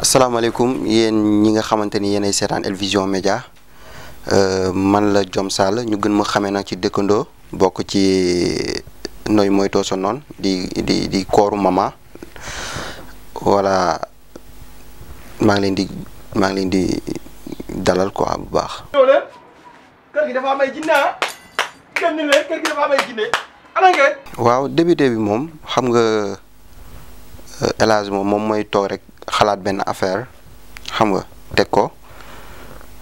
asalaamaaleykum yéen ñi nga xamante ni yéenay seetaan Elvision Média euh, man la jom Sall ñu gën ma xamee nag ci dëkkandoo bokk ci noy moytoo sa noon di di di kooru mama voilà maa ngi leen di maa ngi leen di dalal quoi bu baax. Ah. waaw débuté bi moom xam nga euh, El moom moom mooy toog rek. xalaat benn affaire xam nga teg ko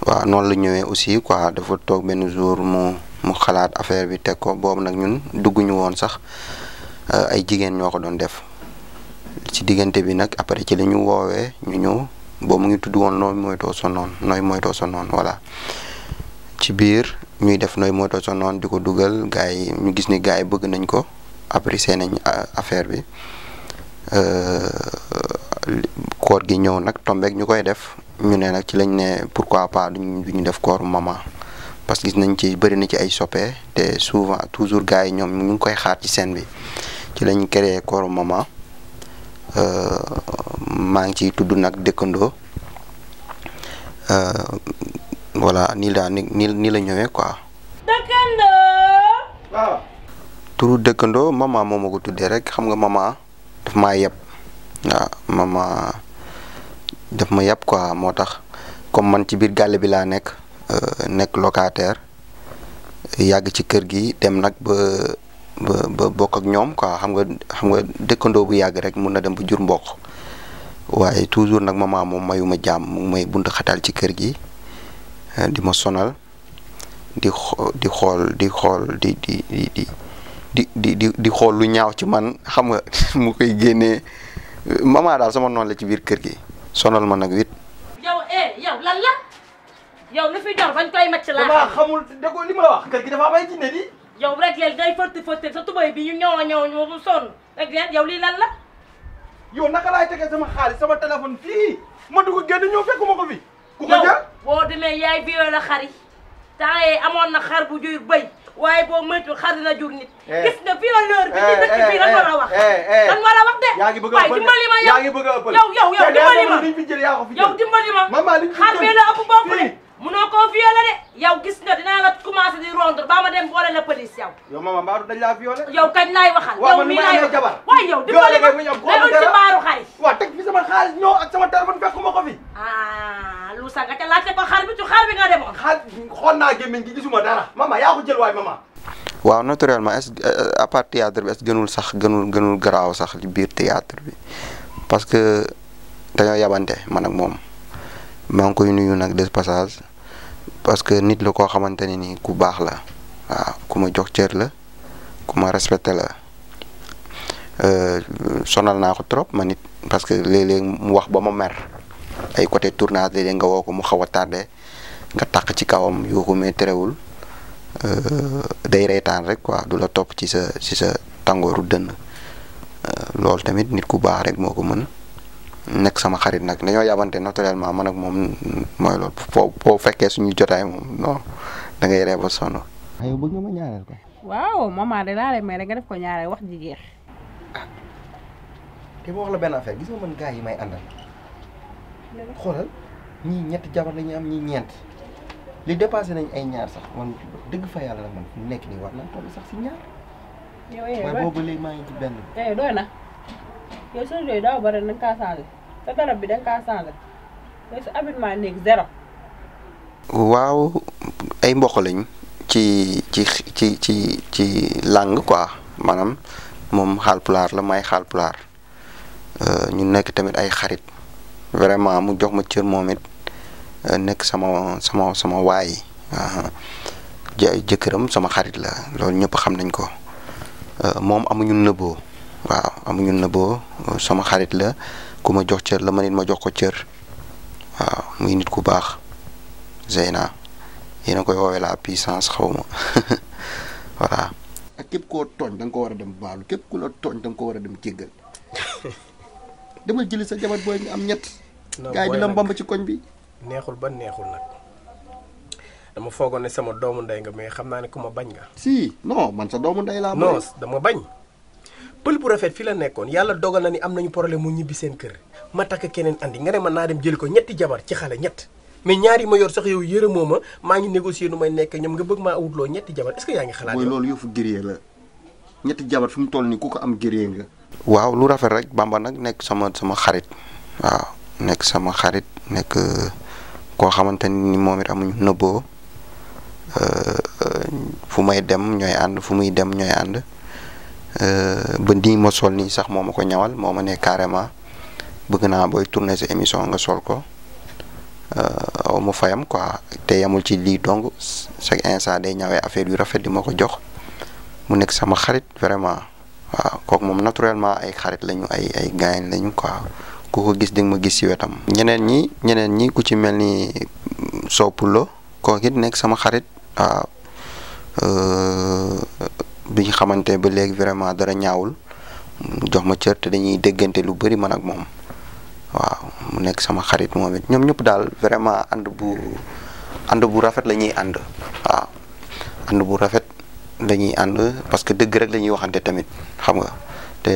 waaw noonu la ñëwee aussi quoi dafa toog benn jour mu mu xalaat affaire bi teg ko boobu nag ñun dugguñu woon sax euh, ay jigéen ñoo ko doon def ci diggante bi nag après ci la ñu woowee ñu ñëw boobu mu ngi tudd woon nooy moytoo sa noon nooy voilà ci biir ñuy def nooy moytoo sa noon di ko dugal gars yi ñu gis ni gars yi bëgg nañ ko apprécier nañ euh, affaire bi euh, koor gi ñëw nag tombeek ñu koy def ñu ne nag ci lañ ne pourquoi pas duñ ñu def koor maman parce que gis nañ ci bëri na ci ay soppe te souvent toujours gars yi ñoom ñu ngi koy xaar ci seen bi ci lañ créé kooru maman euh, maa ngi ciy tudd nag dëkkandoo euh, voilà ni ni nii ñëwee quoi. dëkkandoo. waaw. turu dëkkandoo maman moo ma ko tuddee rek xam nga maman daf maa yeb. waaw ah, ma daf ma yàpp quoi moo tax comme man ci biir gàlle bi laa nekk euh, nekk locataire yàgg ci kër gi dem nag ba ba bokk ak ñoom quoi xam nga xam nga dëkkandoo bu yàgg rek mun na dem ba jur mbokk waaye toujours nag maman moom mayuma jàmm mu may bunt xatal ci kër gi euh, di ma sonal di di xool di xool di di di di di di di xool lu ñaaw ci man xam nga mu koy génnee maman daal sama noonu la ci biir kër gi sonal ma nag wit. yow eh yow lan la yow lu fi ñor bañ koy màcc laa. damaa xamul déggoo li ma wax kër gi dafa am ay jinne di. yow rek léegi day fëtt fëtt sa tubay bi ñu ñëw a ñëw ñu mu sonn rek yow lii lan la. yow naka laay tegee sama xaalis sama téléphone fii ma dugg génn ñëw fekkuma ko fi. ku ko jël boo demee yaay bi la xari temps amoon na xar bu jur bëy. waaye boo moytuwul xar dina jur nit. Eh. gis na violeur bi eh, ci dëkk eh, bi lan war a wax. lan war a wax de. yaa ngi bëgg a ëppale yaa ngi bëgg a ëppale yow yow yow dimbali ma yow dimbali ma. maman li ñu fi jël xar bee la ëpp bopp di rondre ba dem boole la police yow. yow maman Mbadou dañ laa violé. yow kañ laay waxal. yow mii laay waxal waaw man mi ngi lay jabar. waaye ma sama xaalis ñëw ak sama téléphone fekkuma ko fi Ah, lu sax nga ca laajte ko xar bi ci xar bi nga demoon. xaar xool naa gi gisuma dara mama ya ko jël mama. waaw naturellement est ce à part théâtre bi est ce gënul sax gënul gënul garaaw sax ya biir théâtre bi parce que dañoo yabante man ak moom ma ngi koy nuyu des passage parce que nit la kaman teni ni ku baax la waaw ku jox cër la ku respecté la eh, sonal na ko trop ma nit parce que wax ba ma mer. ay coté tournage léeg nga woo ko mu xaw a tardé nga taq ci kawam yoo mais terewul euh, day reetaan rek quoi du la topp ci sa ci sa tàngooru dënn euh, loolu tamit nit ku baax rek moo ko mën nekk sama xarit nag dañoo yabante naturellement man nag moom mooy loolu foo fekkee suñu jotaay moom non da ngay ree ba sonn. waaw maman de laa lay may rek nga def ko ñaareel wax ji jeex. Ah, la benn affaire xolal ñi ñetti jabar lañu am ñi ñent li dépassé nañ ay ñaar sax man dëgg fa yalla la man nekk ni war na toll sax ci ñaar. yow yow bobu lay ngi ci ben eh doyna yow sun joy da bare nañ ka kaa changé sa garab bi da ka kaa changé yow sa habillement nekk zéro. waaw ay mbokk lañ ci ci ci ci ci lang quoi maanaam moom xaalpulaar la may euh ñu nekk tamit ay xarit. vraiment mu jox ma cër moom it euh, nekk sama sama sama waay jëkkëram sama xarit la loolu ñëpp xam nañ ko euh, moom amuñu nëbboo waaw amuñu nëbboo euh, sama xarit la ku ma jox cër la ma nit ma jox ko cër waaw muy nit ku baax Zeyna yi a koy woowee la puissance xaw ma voilà. ak képp koo tooñ da ko war a dem baalu képp ku la tooñ da nga ko war a dem jéggal. dama jëli sa jabar booy ñu am ñett. gaa yi di la ci koñ bi. neexul ba neexul nag dama foogoon sama doomu ndey nga mais xam naa ne ku ma bañ nga. si man sa doomu ndey laa. non dama bañ. pël bu rafet fi la nekkoon yàlla dogal na ni am nañu problème mu ñibbi seen kër ma takk keneen indi nga ne man naa dem jëli ko ñetti jabar ci xale ñett mais ñaari ma yor sax yow yërëmoo ma maa ngi négocier nu may nekk ñoom nga bëgg maa wutloo ñetti jabar est-ce yaa ngi xalaat. mooy loolu yëfu gëree la ñetti jabar fu mu toll nii ku ko am gëree nga waaw lu rafet rek bamba nag nekk sama sama xarit waaw nekk sama xarit nekk euh, koo xamante ni moom it amuñu nëbboo euh, fu may dem ñooy ànd fu muy dem ñooy ànd euh, ba ni ma sol nii sax moo ma ko ñawal moo ma ne carrément bëgg naa booy tourner sa émission nga sol ko aw ma fayam quoi te yamul ci lii dong chaque instant day ñawee affaire yu rafet di ma ko jox mu nekk sama xarit vraiment waaw kooku moom naturellement ay xarit lañu ay ay gaañ lañu quoi ku ko gis ding ma gis si wetam ñeneen ñi ñeneen ñi ku ci mel ni ko mm, kooku it sama xarit waaw euh, bi ñu xamante ba léegi vraiment dara ñaawul jox ma cër te dañuy déggante lu bëri man ak moom waaw mu nekk sama xarit moom it ñoom ñëpp daal vraiment ànd bu ànd bu rafet la ñuy ànd waaw bu rafet dañuy ànd parce que dëgg rek la waxante tamit xam nga te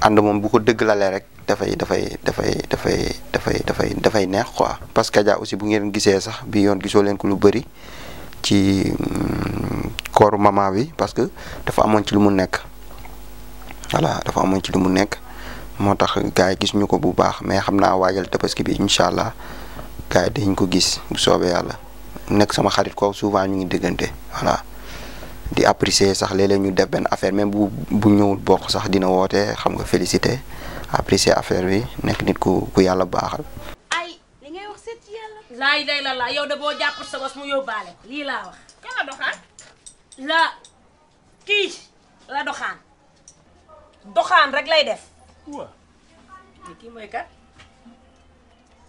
ànd moom bu ko dëgg lalee rek dafay dafay dafay dafay dafay dafay dafay neex quoi. parce que Adja aussi bu ngeen gisee sax bi yoon gisoo leen ko lu bëri ci mm, kooru mama bi parce que dafa amoon ci lu mu nekk voilà dafa amoon ci lu mu nekk moo tax gaa yi gis ñu ko bu baax mais xam naa waajal tabaski bi incha allah gars yi dañ ko gis bu soobee yàlla nekk sama xarit ko souvent ñu ngi diggante voilà. di apprécier sax lélé ñu def ben affaire même bu bu ñewul bok sax dina woté xam nga féliciter apprécier affaire bi nek nit ku ku yalla baxal ay li ngay wax set yalla la ilaha illallah yow da bo japp sa bos mu yobale li kan la wax kala doxan la ki la doxan doxan rek lay def wa kan? ki moy kat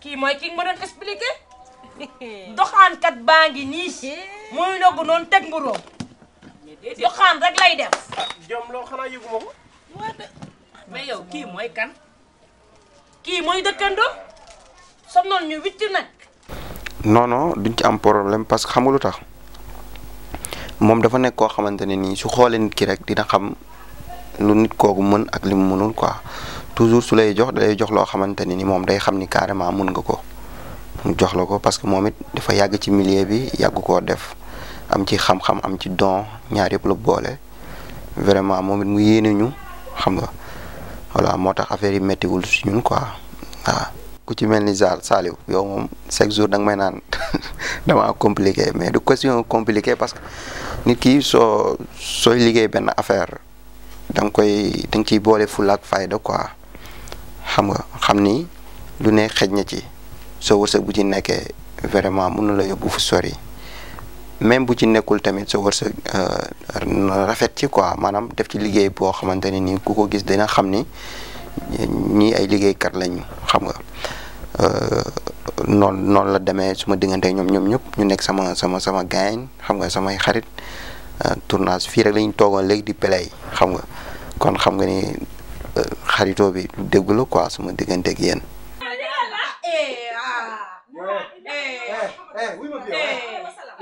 ki moy ki mo don expliquer doxan kat baangi ni moy nogu non tek nguro doxaan rek lay def. jom yow kii mooy kan. kii mooy dëkkandoo. sonal ñu witti nag. non non duñ ci am problème parce que xam nga lu tax moom dafa nekk koo xamante ne nii su xoolee nit ki rek dina xam lu nit kooku mën ak li mu mënul quoi toujours su lay jox dalay jox loo xamante ne ni moom day xam ni carrément mën nga ko. mu jox la ko parce que moom it dafa yàgg ci millier bi yàgg koo def am ci xam-xam am ci don ñaar yëpp la boole vraiment moom it mu yéene ñu xam nga voilà moo tax affaire yi méttiwul si ñun quoi waaw. ku ci mel ni Zal Saliou yow moom chaque jour da nga may naan damaa compliqué mais du question compliqué parce que nit kii soo sooy liggéey benn affaire da nga koy danga nga ciy boole fulla ak fayda quoi xam nga xam ni lu ne xej na ci soo wërsëg bu ci nekkee vraiment mën na la yóbbu fu sori. même bu ci nekkul tamit sa wërsëg rafet ci quoi maanaam def ci liggéey boo xamante ne nii ku ko gis dina xam ni ñii ay liggéeykat lañu xam nga noon noonu la demee suma diggante ñoom ñoom ñëpp ñu nekk sama sama sama gaañ xam nga samay xarit tournage fii rek lañu toogoon léegi di play xam nga kon xam nga ni xaritoo bi lu dégg la suma diggante ak yéen.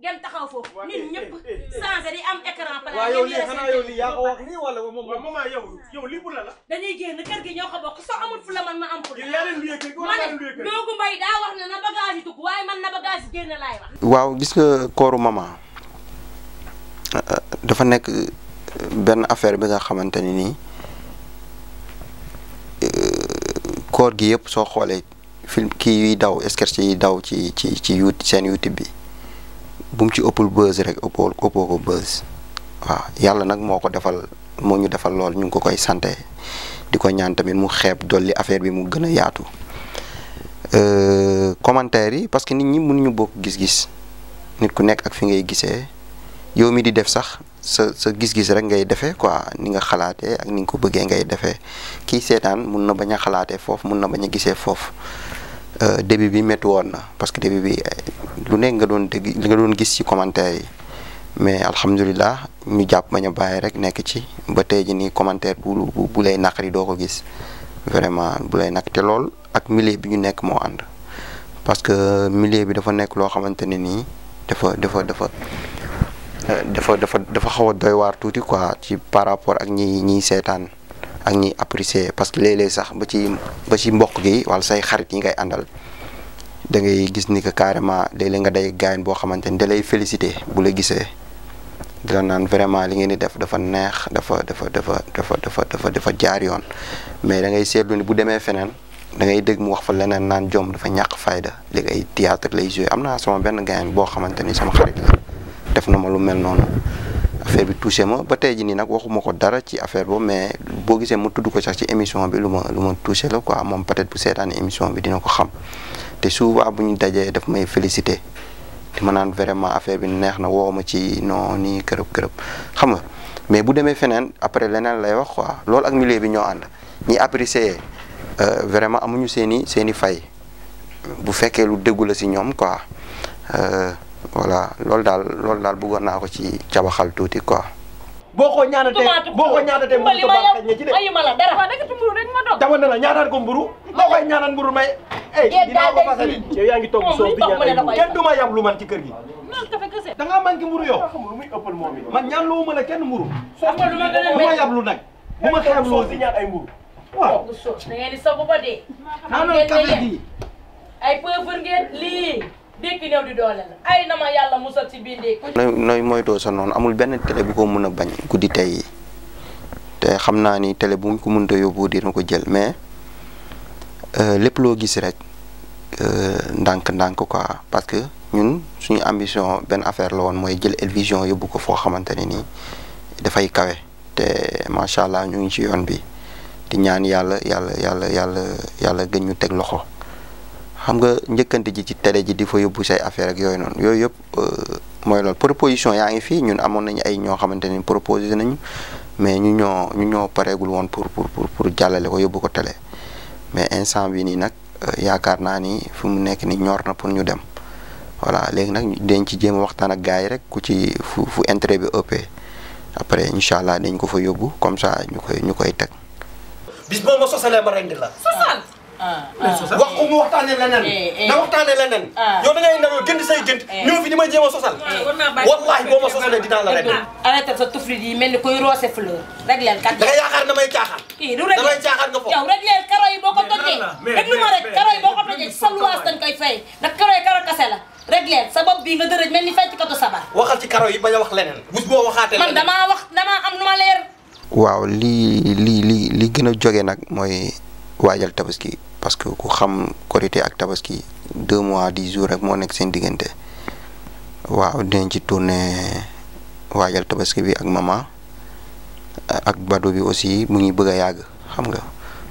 ngeen nit eh, ñëpp eh, eh, changé di am écran plat dañuy génn kër gi ñoo ko soo amul fu la man ma am fu la ma ne doogu mbay na man waaw gis nga kooru maman dafa nekk benn affaire bi nga xamante ni nii koor gi yëpp soo xoolee film kii yuy daw sketch yi daw ci ci ci seen YouTube bi bum ci opul buzz rek opul ëppoo ko buzz wa yalla nak moko defal mo ñu defal lool ñu ko koy sante di ñaan tamit mu xeeb doli affaire bi mu gëna yaatu euh commentaire yi parce que nit ñi ñu bok gis-gis nit ku nekk ak fi ngay gisé yow mi di def sax sa sa gis-gis rek ngay defee quoi ni nga xalaté ak ni nga ko bëggé ngay defee ki sétane mun na baña xalaté fofu mënu na baña gisé fofu Euh, debi bi metti wonna parce que debi bi lu ne nga don dégg nga don gis ci commentaire yi mais alhamdulilah ñu japp ma ñu baye rek nek ci ba tay ji ni commentaire bu bu lay nakari do ko gis vraiment bu lay nak te lol ak milier bi ñu nek mo and parce que milier bi dafa nek lo xamanteni ni dafa dafa dafa euh, dafa dafa dafa xawa doy war tuuti quoi ci par rapport ak ñi ñi sétane ak ñi apprécier parce que léeg sax ba ci ba ci mbokk gi wala say xarit yi ngay àndal da ngay gis ni que carrément léeg nga day gaañ boo xamante ni da lay félicité bu la gisee di naan vraiment li ngeen di def dafa neex dafa dafa dafa dafa dafa dafa dafa jaar yoon mais dangay seetlu ni bu demee feneen da ngay dégg mu wax fa leneen naan jom dafa ñàkk fayda léegi ay théâtre lay joué am naa sama benn gaañ boo xamante ni sama xarit la def na ma lu mel noonu affaire bi touché ma ba tay ji ni nak waxuma ko dara ci affaire bo mais bo gisé mu tuddu ko sax ci émission bi luma luma touché la quoi mom peut-être bu sétane émission bi dina ko xam té souvent buñu dajé daf may félicité di ma nan vraiment affaire bi neex na woo ci non ni kërëp kërëp xam nga mais bu démé fenen après lénen lay wax quoi lool ak milieu bi ño and ni apprécier euh vraiment amuñu séni séni fay bu féké lu déggul ci ñom quoi euh voilà lol dal lol dal bu gonna ko ci cabaxal tuuti quoi. ñaanate boko ñaanate mu ko ñaanatee ñi ci de. ayuma la dara waaw naka ci mburu rek ma doon. dama na la ñaanal ko mburu. boo koy ñaanal mburu may. ey dina ko fasali yow yaangi tok so soof di ñaanal kenn duma yam lu man ci kër gi. da ngaa manqué mburu yow. lu muy eppal momi man ñaan lu ma la kenn mburu. so ma lu ma gën a bu ma yablu nag. bu ma xam lu si ñaan ay mburu. wa da ngeen di soog ba dee. naanal café gi ay peuvre ngeen li dégg néew di sa noonu amul benn télé bu ko mën a bañ guddi tey yi te xam naa ni télé bu ko mënta yóbbu dina ko jël mais euh, lépp loo gis rek euh, ndànk-ndànk quoi parce que ñun suñu ambition benn affaire la woon mooy jël El yóbbu ko foo xamante ne nii dafay kawe te macha allah ñu ngi ci yoon bi di ñaan yàlla yàlla yàlla yàlla yàlla gën ñu teg loxo. xam nga njëkkante ji ci télé ji di fa yóbbu say affaire ak yooyu noonu yooyu yëpp euh, mooy loolu proposition yaa ngi fii ñun amoon nañu ay ñoo xamante ni proposé nañu mais ñu ñoo ñu ñoo pareegul woon pour pour pour pour jàllale ko yóbbu ko télé mais instant bi nii nag euh, yaakaar naa ni fu mu nekk nii ñoor na pour ñu dem voilà léegi nag dañ ci jéem waxtaan ak gars yi rek ku ci fu fu intérêt bi ëppee après incha allah dañ ko fa yóbbu comme ça ñu koy ñu koy teg. Ah, ah. wax ko mu waxtaanee leneen eh, eh. na waxtaanee leneen ah. yow da ngay nelaw gënt say gënt eh. ñëw fi di ma jéem a sosal wallaahi boo ma sosalee dinaa la rek arrêté sa tuflit yi mel ni koy roose fleur rek lu ma rek karo boo ko tojee sa luwaas dañ koy fay ndax karo yi la rek leen sa bopp bii nga dërëj mel ni fecc ko sabar waxal ci karo yi bañ a wax leneen bus boo waxaatee man damaa wax damaa am lu ma leer waaw lii lii lii li gën a jóge nag mooy waajal tabaski parce que ku xam korité ak tabaski deux mois dix jours rek moo nekk seen diggante waaw dinañ ci tourné waajal tabaski bi ak mama ak bado bi aussi mu ngi bëgg a yàgg xam nga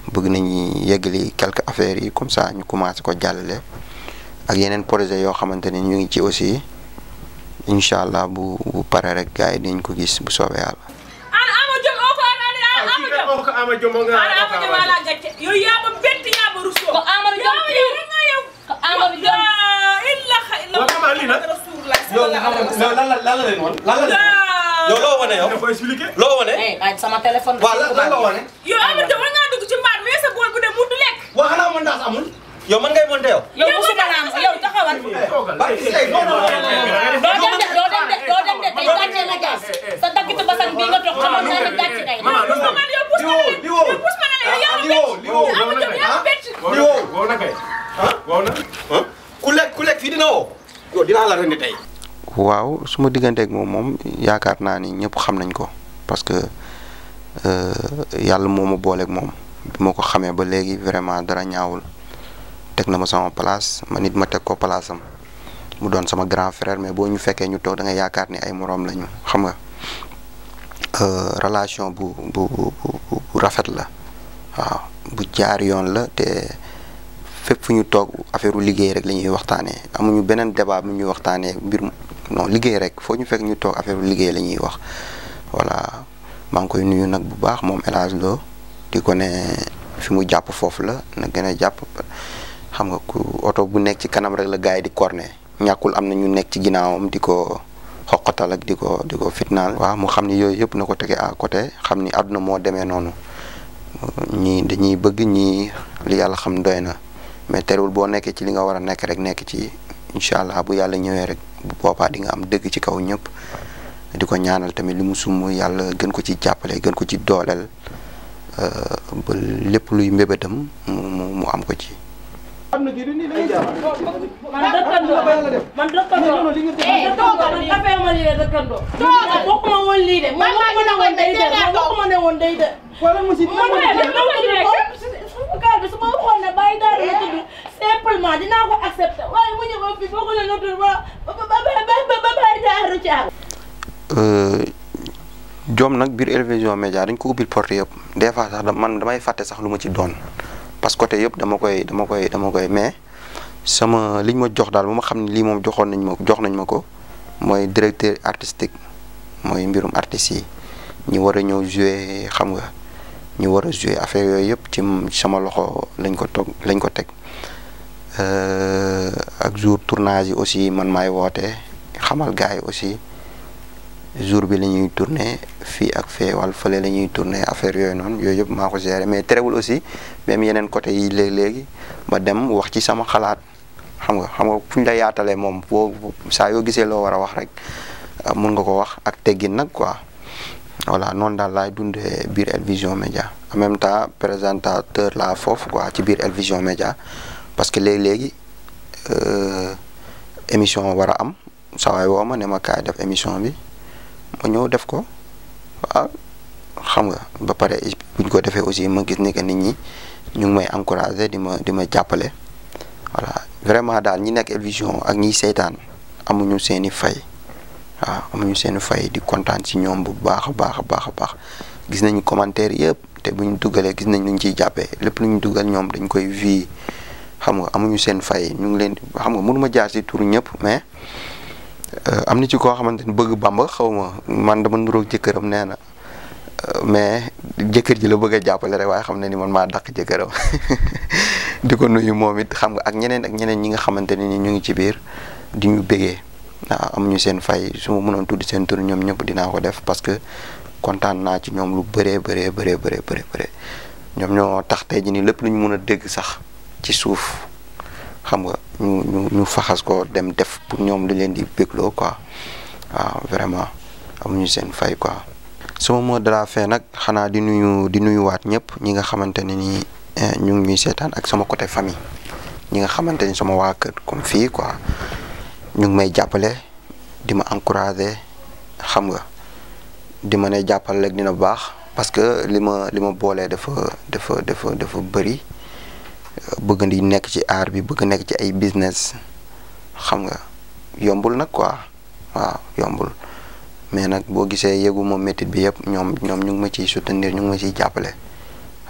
bëgg nañu yeggali quelque affaires yi comme ça ñu commencé ko jàllale ak yeneen projet yoo xamante ne ñu ngi ci aussi incha allah bu bu pare rek gars yi ko gis bu soobee yàlla. Adama Diomba nga. Adama Diomba la gàcce. yow ma bett ma rusoo. ko Amadou Diop yow rek nga yow. ko Amadou la la leen wan. lan la leen loo wane yow. dafa expliqué. loo wane. ay sama téléphone. waaw lan lan la wane. yow Amadou Diop war ngaa dugg ci mbaar mais sa bool bu dee mu du lekk. waaw xanaa man daas amul. yow man ngay monté yow. wow semua kay wow na ku lekk ku waaw suma digganteeg moom moom yaakaar naa ni ñëpp xam nañ ko parce que yàlla moo ma booleeg moom mom ko xamee ba léegi vraiment dara ñaawul teg na ma sama place ma nit ma ko place am mu doon sama grand frère mais bo ñu féké ñu tok da nga yaakar ni ay morom lañu xam nga euh, relation bu bu bu bu rafet la wa bu jaar yoon la té fep fu ñu tok affaireu liggéey rek lañuy waxtané amuñu benen débat bu ñuy waxtané mbir non liggéey rek fo ñu fekk ñu tok affaireu liggéey lañuy wax voilà ma ngi koy nuyu nag bu baax mom élage Lo di ko ne fi mu japp fofu la na gëna japp xam nga ku auto bu nekk ci kanam rek la gaay di corner ñakul am ñu nekk ci ginnaawam diko ko ak diko ko fitnal ko fitnaal mu xamni ni yep nako ko tege a côté xamni ni mo démé nonu ñi dañuy bëgg ñi li yalla xam doyna mais terul bo nekk ci li nga wara nekk rek nekk ci inshallah bu yalla ñëwé rek bu popa di nga am dëgg ci kaw ñëpp diko ñaanal tamit limu sumu yalla gën ko ci jappalé gën ko ci euh ba lepp luy mbébétam mu mu am ko ci am na ko accepté waaye mu ñëw fii boo ko la tudd ba ba ba daal ci am nag biir Elvision Média dañ ko ubbil porte yëpp des fois sax man damay fàtte sax lu ma ci doon parce que côté yëpp dama koy dama koy dama koy mais sama liñ ma jox daal bu ma xam ne lii moom joxoon nañ ma jox nañ ma ko mooy directeur artistique mooy mbirum artistes yi ñu war a ñëw jouer xam nga ñu war a jouer affaire yooyu yëpp ci sama loxo lañ ko toog lañ ko teg euh, ak jour tournage yi aussi man may woote xamal gars yi aussi jour bi la ñuy tourné fii ak fee wala fële la ñuy affaire yooyu noonu yooyu yëpp maa ko géré mais terewul aussi même yeneen côté yi léeg ma dem wax ci sama xalaat xam nga xam nga fu ñu la moom boo saa yoo gisee loo war a wax rek ah, mun nga ko wax ak teggin nag quoi voilà noonu daal lay dundee biir El Média en même temps présentateur la foofu quoi ci biir El Média parce que léegi-léegi euh, émission war a am saa waay woo ma ne ma def émission bi ma ñëw def ko waaw xam nga ba pare bu ñu ko defee aussi ma gis ni que nit ñi ñu ngi may encouragé di ma di ma jàppale voilà vraiment daal ñu nekk El ak ñiy seytaan amuñu seeni fay waaw amuñu seeni fay di kontaan si ñoom bu baax a baax baax a baax gis nañu commentaire yëpp te bu ñu dugalee gis nañ lu ñu ciy jàppee lépp lu ñu dugal ñoom dañ koy vi xam nga amuñu seen fay ñu ngi leen xam nga mënuma jaar si tour ñëpp mais. am na ci koo xamante ni bëgg Bamba xaw ma man dama nuroog jëkkëram nee na mais jëkkër ji la bëgg a jàppale rek waaye xam ne ni man maa dàq jëkkëram di ko nuyu moom it xam nga ak ñeneen ak ñeneen ñi nga xamante ne ni ñu ngi ci biir di ñu bégee waaw am ñu seen fay su ma mënoon tudd seen tur ñoom ñëpp dinaa ko def parce que kontaan naa ci ñoom lu bëree bëree bëree bëree bëree ñoom ñoo tax tey ñu nii lépp lu ñu mën a dégg sax ci suuf xam nga ñu ñu faxas ko dem def pour ñoom dañ leen di bégloo quoi waaw vraiment amuñu seen fay quoi. sama mot de la fin nag xanaa di nuyu di nuyuwaat ñëpp ñi nga xamante ne ni eh, ñu ngi ñuy seetaan ak sama côté famille ñi nga xamante ni sama waa kër comme fii quoi ñu ngi may jàppale di ma encourager xam nga di ma ne jàppale rek dina baax parce que li ma li ma boolee dafa dafa dafa dafa bëri. bëgg di nekk ci aar bi bëgg nekk ci ay business xam nga yombul nag quoi waaw yombul mais nag boo gisee moom métit bi yëpp ñoom ñoom ñu ngi ma ciy soutenir ñu ngi ma ciy jàppale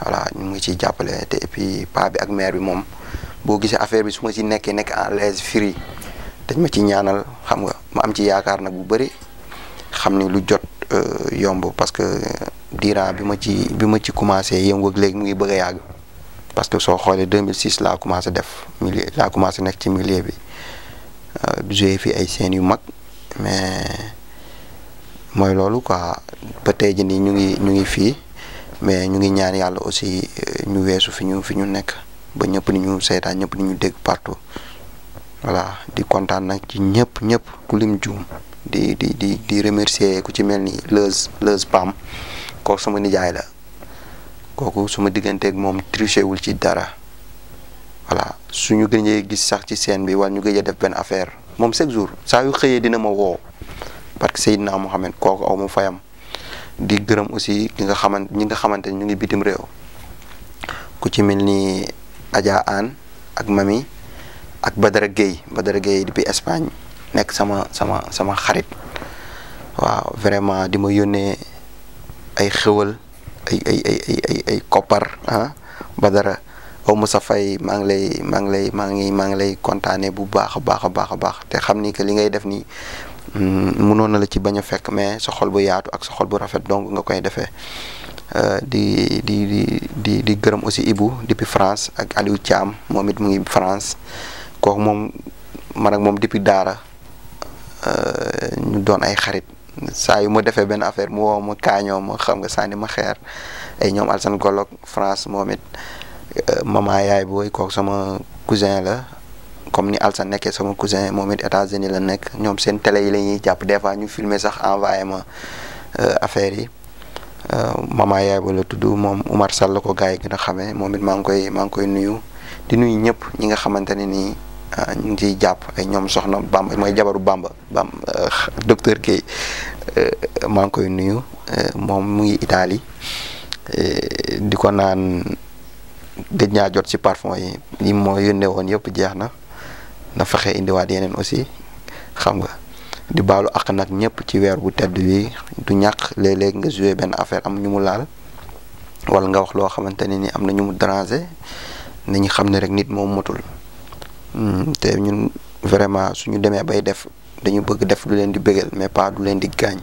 voilà ñu ngi ma ciy jàppale te et puis pa bi ak maire bi moom boo gisee affaire bi su ma ci nekkee nekk à l'aise free dañ ma ci ñaanal xam nga ma am ci yaakaar nag bu bëri xam ni lu jot euh, yomb parce que diiran bi ma ci bi ma ci commencé yëngu ak léegi mu ngi bëgg a yàgg parce que soo xoolee 2006 laa commencé def milieu laa commencé nekk ci milieu bi euh, joué fi ay scènes yu mag mais mooy loolu quoi ba tey ji nii ñu ngi ñu ngi fii mais ñu ngi ñaan yàlla aussi euh, ñu weesu fi ñu fi ñu nekk ba ñëpp ni ñu seetaan ñëpp ni ñu dégg partout voilà di kontaan nag ci ñëpp ñëpp ku lim juum di di di di remercier ku ci mel ni Leuz Leuz Pam kooku sama nijaay la. kooku suma digganteeg moom triché wul ci dara voilà suñu gëjee gis sax ci seen bi wala ñu gëj a def benn affaire moom chaque jour saa yu xëyee dina ma woo parce que Seydina Mohamed kooku aw ma fayam di gërëm aussi ki nga xamante ñi nga xamante ñu ngi bitim réew ku ci mel nii Adja Anne ak Mami ak Badara Gueye Badara Gueye depuis Espagne nekk sama sama sama xarit waaw vraiment di ma yónnee ay xéwal ay ay ay ay ay ay koper ha badara dara aw ma sa fay maa ngi lay maa lay lay bu baax baax baax baax te xamni ke li ngay def ni mënoon mm, na la ci baña mais sa xol bu yaatu ak sa xol bu rafet donc nga koy defé euh, di di di di di gërëm aussi ibu depuis france ak aliou tiam momit mu ngi france ko mom man ak moom depuis euh ñu doon ay xarit saa yu ma defee benn affaire mu woo ma kaañoo ma xam nga sànni ma xeer ay ñoom Alsan Golok France moom it euh, maman yaay booy kook sama cousin la comme ni Alsan nekkee sama cousin moom it États-Unis la nekk ñoom seen télé yi la ñuy jàpp des fois ñu filmer sax envoyé ma euh, affaire yi euh, maman yaay booy la tudd moom Umar Sall la ko gars yi gën a xamee moom it maa ngi koy maa ngi koy nuyu di nuyu ñëpp ñi nga xamante ne nii. Ah, ñu ngi ciy jàpp ay ñoom soxna Bamba mooy jabaru Bamba Bamba euh, docteur Guèye euh, maa ngi koy nuyu euh, moom mu ngi Italie di ko naan gëj naa jot ci parfum yi yi moo yónnee woon yëpp jeex na na fexe indiwaat yeneen aussi xam nga di baalu ak nag ñëpp ci weer bu tedd bi du ñàkk léeg-léeg nga joué benn affaire am ñu mu laal walla nga wax loo xamante ne ni am na ñu mu déranger ñu xam ne rek nit moom motul Hmm, te ñun vraiment su ñu demee bay def dañu bëgg def lu leen di bëggal mais pas du leen di gaañ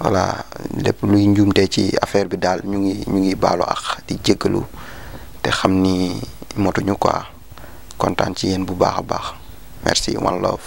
voilà lépp luy njuumte ci affaire bi daal ñu ngi ñu ngi baalo ax di jéggalu te xam ni motuñu quoi kontaan ci yéen bu baax a baax merci one love